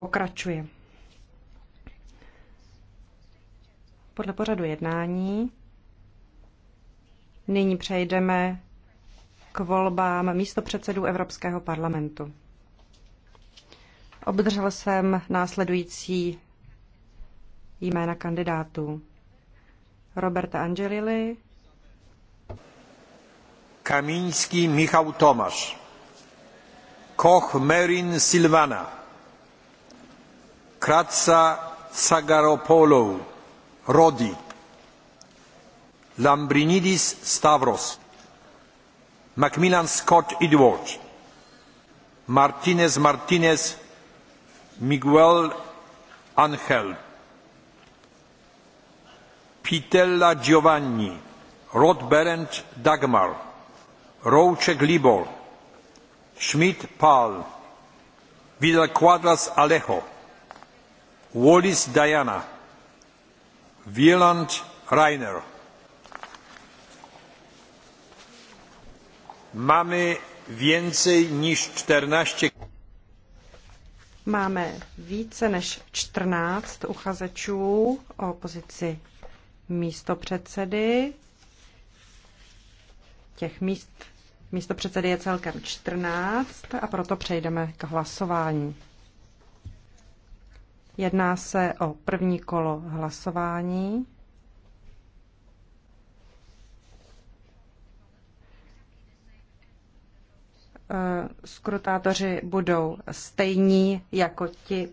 pokračuje. Podle pořadu jednání nyní přejdeme k volbám místopředsedů Evropského parlamentu. Obdržel jsem následující jména kandidátů. Roberta Angelili, Kamínský Michał Tomasz, Koch Merin Silvana, Kratsa Tsagaropoulou, Rodi, Lambrinidis Stavros, Macmillan Scott Edward, Martinez Martinez, Miguel Angel, Pitella Giovanni, Rod Dagmar, Rouček Libor, Schmidt Paul, Vidal Quadras Alejo, Wallis Diana, Wieland Reiner. Mamy więcej niż czternaście Máme více než 14 uchazečů o pozici místopředsedy. Těch míst místopředsedy je celkem 14 a proto přejdeme k hlasování. Jedná se o první kolo hlasování. Eh, skrutátoři budou stejní jako ti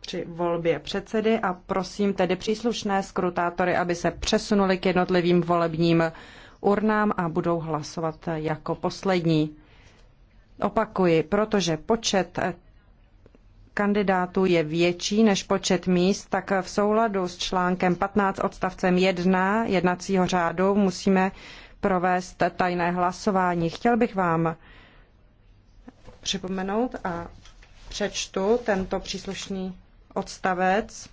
při volbě předsedy a prosím tedy příslušné skrutátory, aby se přesunuli k jednotlivým volebním urnám a budou hlasovat jako poslední. Opakuji, protože počet kandidátů je větší než počet míst, tak v souladu s článkem 15 odstavcem 1 jednacího řádu musíme provést tajné hlasování. Chtěl bych vám připomenout a přečtu tento příslušný odstavec.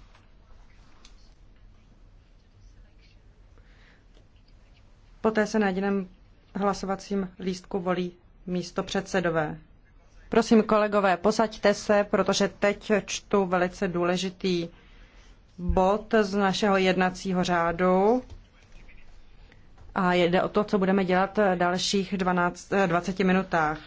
Poté se na jediném hlasovacím lístku volí místo předsedové. Prosím, kolegové, posaďte se, protože teď čtu velice důležitý bod z našeho jednacího řádu. A jde o to, co budeme dělat v dalších 12, 20 minutách.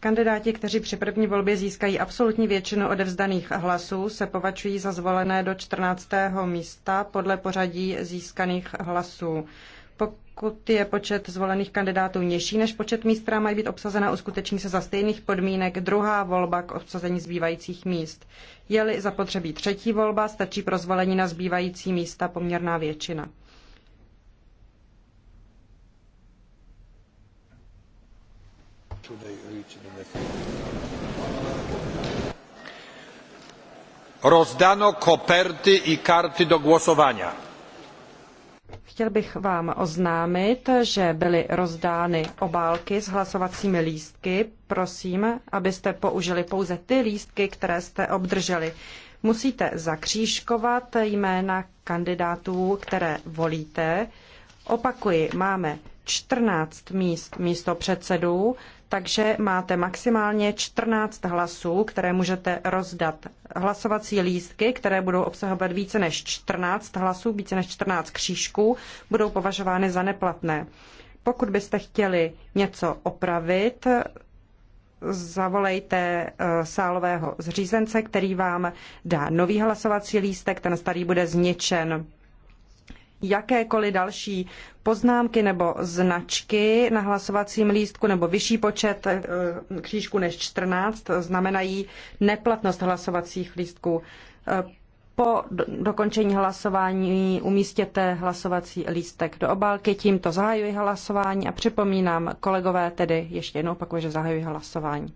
Kandidáti, kteří při první volbě získají absolutní většinu odevzdaných hlasů, se považují za zvolené do 14. místa podle pořadí získaných hlasů. Pokud je počet zvolených kandidátů nižší než počet míst, která mají být obsazena, uskuteční se za stejných podmínek druhá volba k obsazení zbývajících míst. Je-li zapotřebí třetí volba, stačí pro zvolení na zbývající místa poměrná většina. Rozdano koperty i karty do głosowania. Chtěl bych vám oznámit, že byly rozdány obálky s hlasovacími lístky. Prosím, abyste použili pouze ty lístky, které jste obdrželi. Musíte zakřížkovat jména kandidátů, které volíte. Opakuji, máme 14 míst místo předsedů, takže máte maximálně 14 hlasů, které můžete rozdat. Hlasovací lístky, které budou obsahovat více než 14 hlasů, více než 14 křížků, budou považovány za neplatné. Pokud byste chtěli něco opravit, zavolejte eh, sálového zřízence, který vám dá nový hlasovací lístek, ten starý bude zničen jakékoliv další poznámky nebo značky na hlasovacím lístku nebo vyšší počet eh, křížků než 14 znamenají neplatnost hlasovacích lístků. Eh, po dokončení hlasování umístěte hlasovací lístek do obálky. Tímto zahajuji hlasování a připomínám kolegové tedy ještě jednou opakuju, že zahajuji hlasování.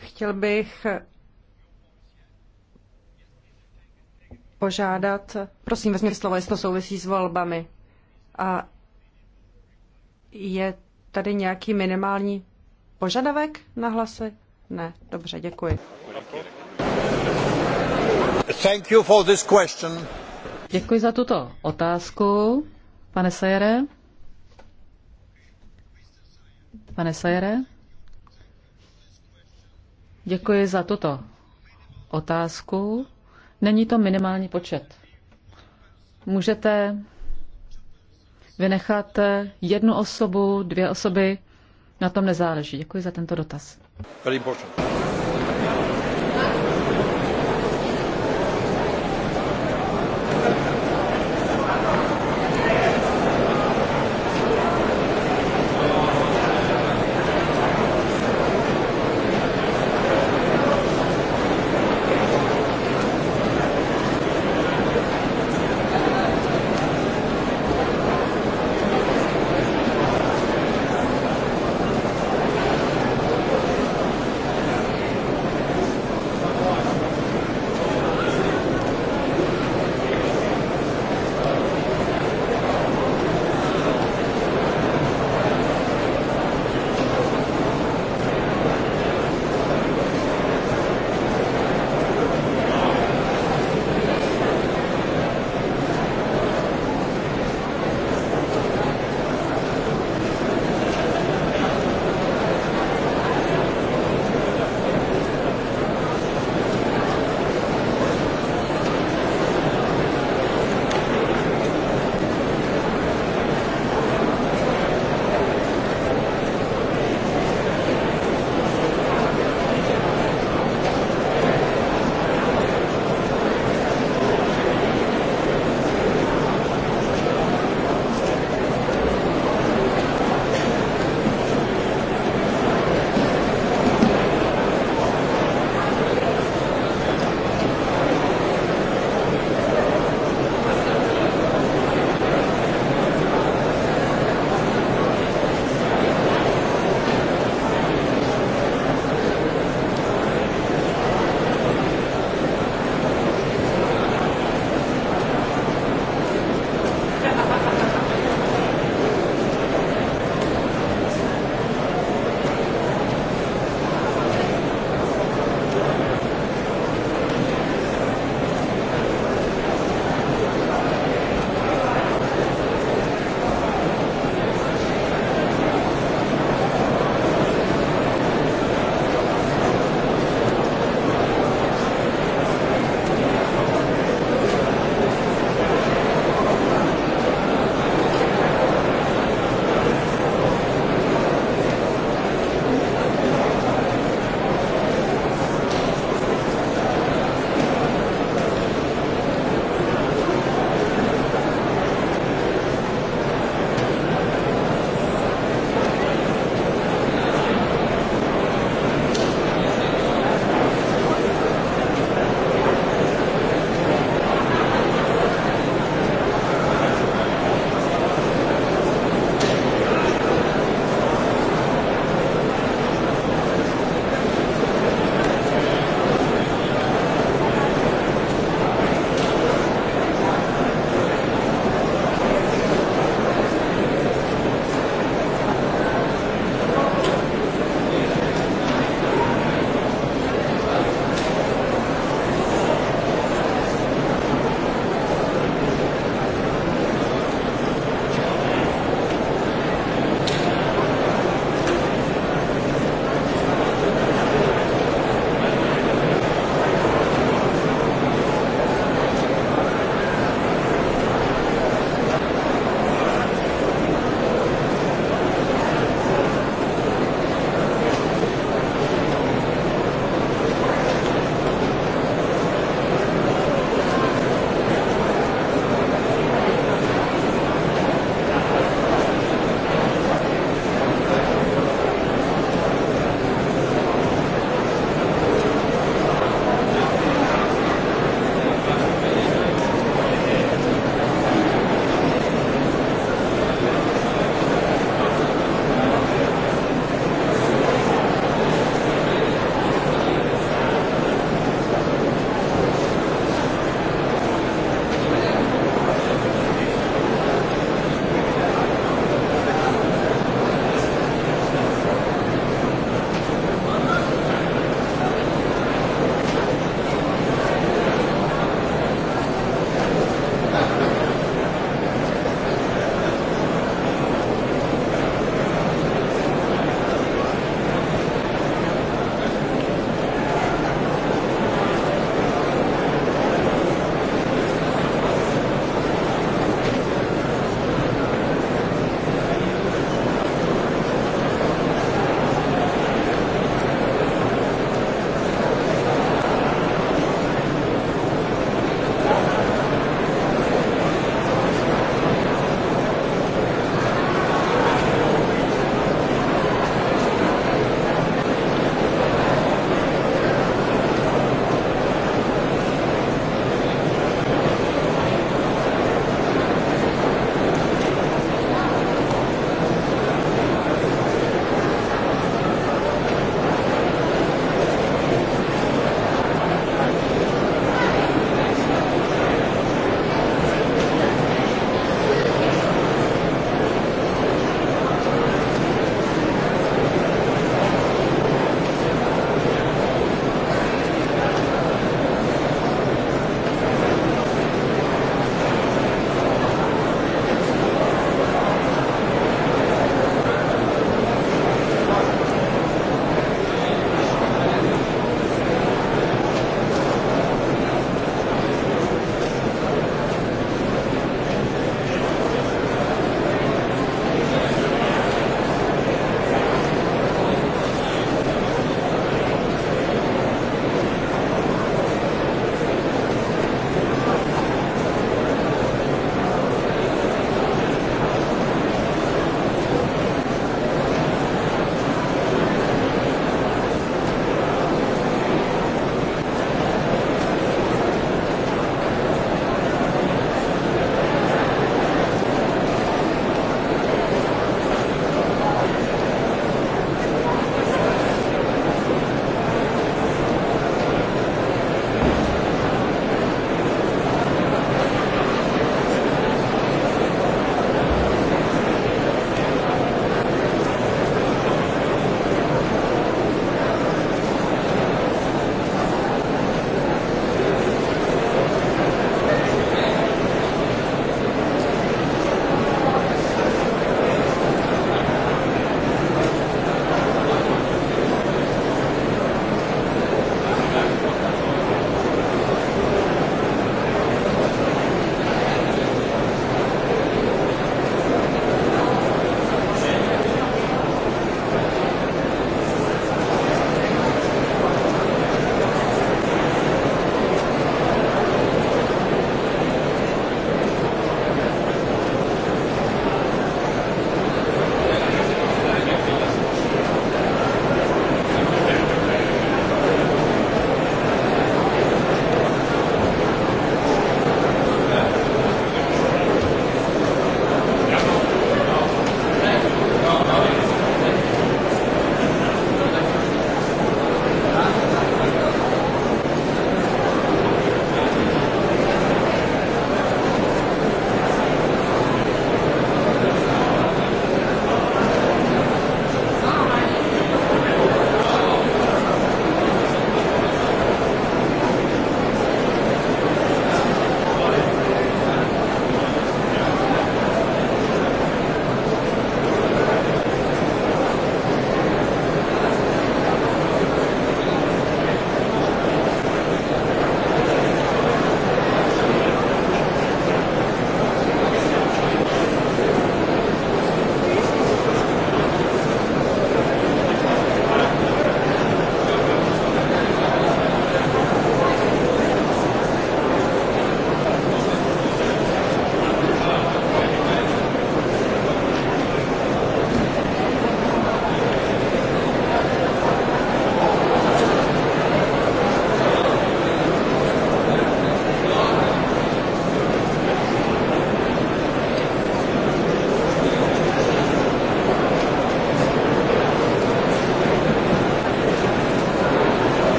Chtěl bych požádat, prosím, vezměte slovo, jestli to souvisí s volbami. A je tady nějaký minimální požadavek na hlasy? Ne, dobře, děkuji. Thank you for this question. Děkuji za tuto otázku, pane Sejere. Pane Sajere, děkuji za tuto otázku. Není to minimální počet. Můžete vynechat jednu osobu, dvě osoby, na tom nezáleží. Děkuji za tento dotaz. Very important.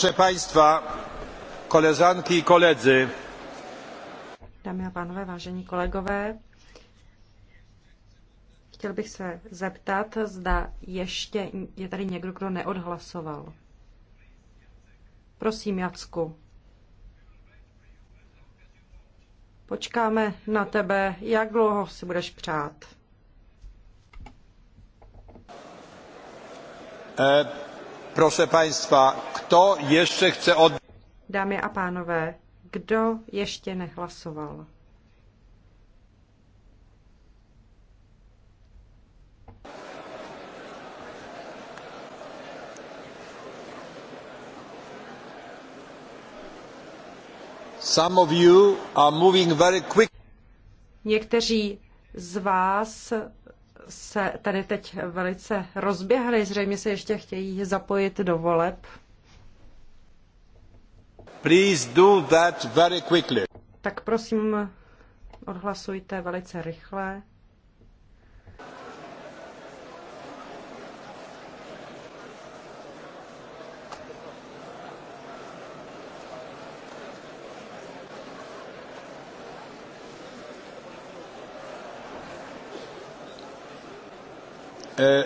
Proszę Państwa, koleżanki i koledzy. Dámy a pánové, vážení kolegové, chtěl bych se zeptat, zda ještě je tady někdo, kdo neodhlasoval. Prosím, Jacku. Počkáme na tebe, jak dlouho si budeš přát. Eh. Proszę Państwa, kto ještě chce od... Dámy a pánové, kdo ještě nehlasoval? Some of you are moving very quick. Někteří z vás se tady teď velice rozběhly, zřejmě se ještě chtějí zapojit do voleb. Please do that very quickly. Tak prosím, odhlasujte velice rychle. Uh,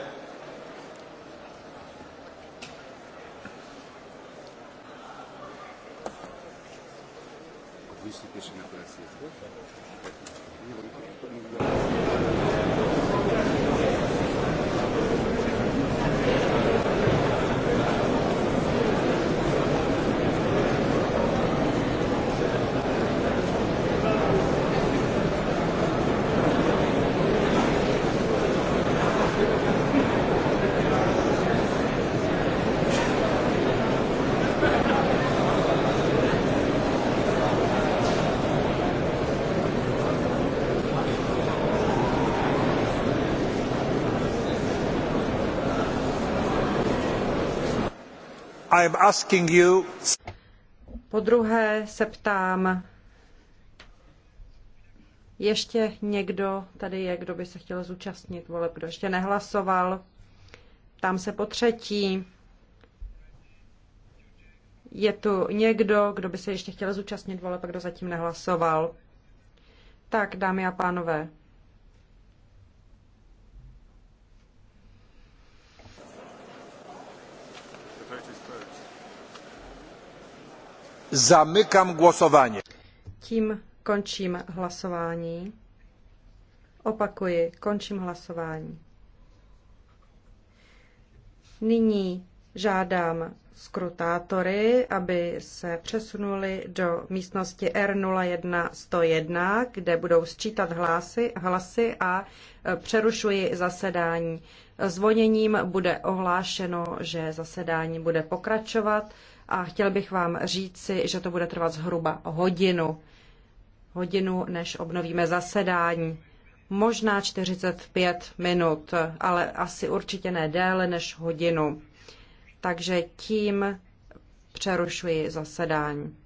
Podruhé Po druhé se ptám, ještě někdo tady je, kdo by se chtěl zúčastnit voleb, kdo ještě nehlasoval. Ptám se po třetí. Je tu někdo, kdo by se ještě chtěl zúčastnit voleb, kdo zatím nehlasoval? Tak, dámy a pánové, Zamykam głosowanie. Tím končím hlasování. Opakuji, končím hlasování. Nyní žádám skrutátory, aby se přesunuli do místnosti R01101, kde budou sčítat hlasy, hlasy a e, přerušuji zasedání. Zvoněním bude ohlášeno, že zasedání bude pokračovat a chtěl bych vám říci, že to bude trvat zhruba hodinu. Hodinu, než obnovíme zasedání. Možná 45 minut, ale asi určitě ne déle než hodinu. Takže tím přerušuji zasedání.